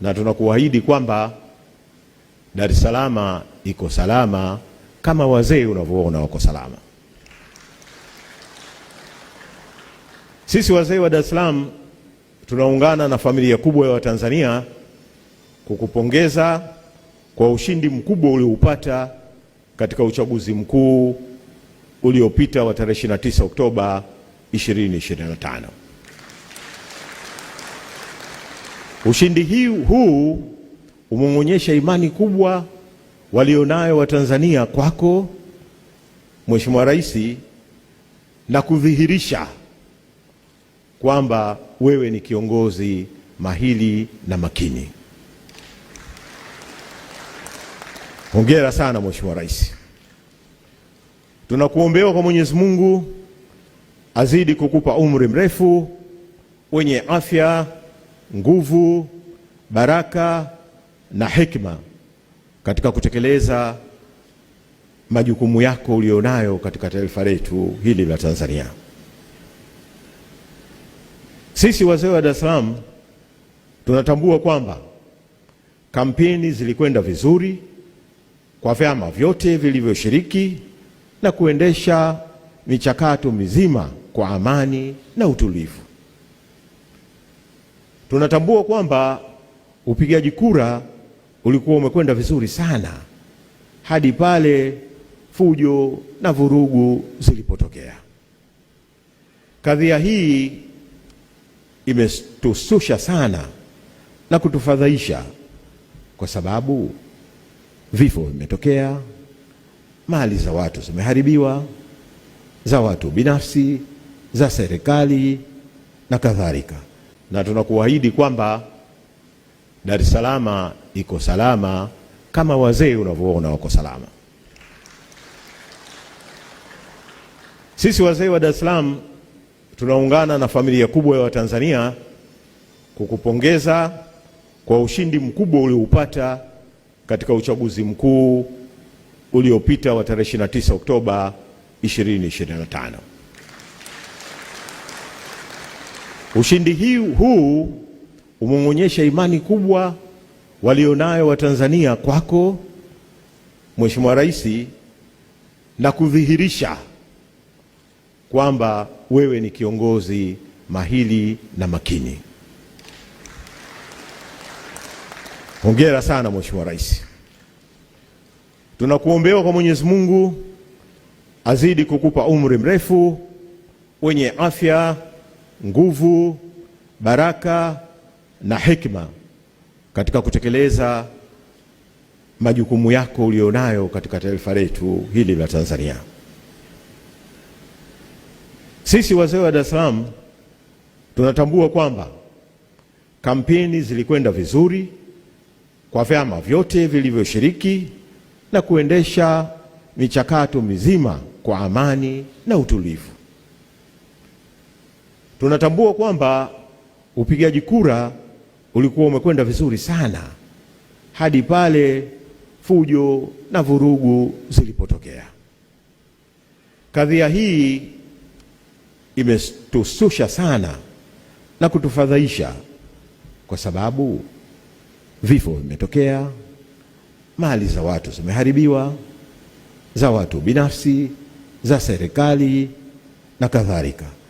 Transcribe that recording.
na tunakuahidi kwamba Dar es Salaam iko salama kama wazee unavyoona wako salama. Sisi wazee wa Dar es Salaam tunaungana na familia kubwa ya Watanzania kukupongeza kwa ushindi mkubwa ulioupata katika uchaguzi mkuu uliopita wa tarehe 29 Oktoba 2025. Ushindi hii huu umemwonyesha imani kubwa walionayo Watanzania kwako Mheshimiwa Rais na kudhihirisha kwamba wewe ni kiongozi mahili na makini. Hongera sana Mheshimiwa Rais. Tunakuombewa kwa Mwenyezi Mungu azidi kukupa umri mrefu wenye afya nguvu, baraka na hekima katika kutekeleza majukumu yako ulionayo katika taifa letu hili la Tanzania. Sisi wazee wa Dar es Salaam tunatambua kwamba kampeni zilikwenda vizuri kwa vyama vyote vilivyoshiriki na kuendesha michakato mizima kwa amani na utulivu tunatambua kwamba upigaji kura ulikuwa umekwenda vizuri sana hadi pale fujo na vurugu zilipotokea. Kadhia hii imetususha sana na kutufadhaisha kwa sababu vifo vimetokea, mali za watu zimeharibiwa, za watu binafsi, za serikali na kadhalika na tunakuahidi kwamba Dar es Salaam iko salama kama wazee unavyoona wako salama. Sisi wazee wa Dar es Salaam tunaungana na familia kubwa ya Watanzania kukupongeza kwa ushindi mkubwa ulioupata katika uchaguzi mkuu uliopita wa tarehe 29 Oktoba 2025. Ushindi hii huu umeonyesha imani kubwa walionayo Watanzania kwako Mheshimiwa Rais na kudhihirisha kwamba wewe ni kiongozi mahili na makini. Hongera sana Mheshimiwa Rais. Tunakuombewa kwa Mwenyezi Mungu azidi kukupa umri mrefu wenye afya nguvu, baraka na hekima katika kutekeleza majukumu yako ulionayo katika taifa letu hili la Tanzania. Sisi wazee wa Dar es Salaam tunatambua kwamba kampeni zilikwenda vizuri kwa vyama vyote vilivyoshiriki na kuendesha michakato mizima kwa amani na utulivu tunatambua kwamba upigaji kura ulikuwa umekwenda vizuri sana hadi pale fujo na vurugu zilipotokea. Kadhia hii imetususha sana na kutufadhaisha kwa sababu vifo vimetokea, mali za watu zimeharibiwa, za watu binafsi, za serikali na kadhalika.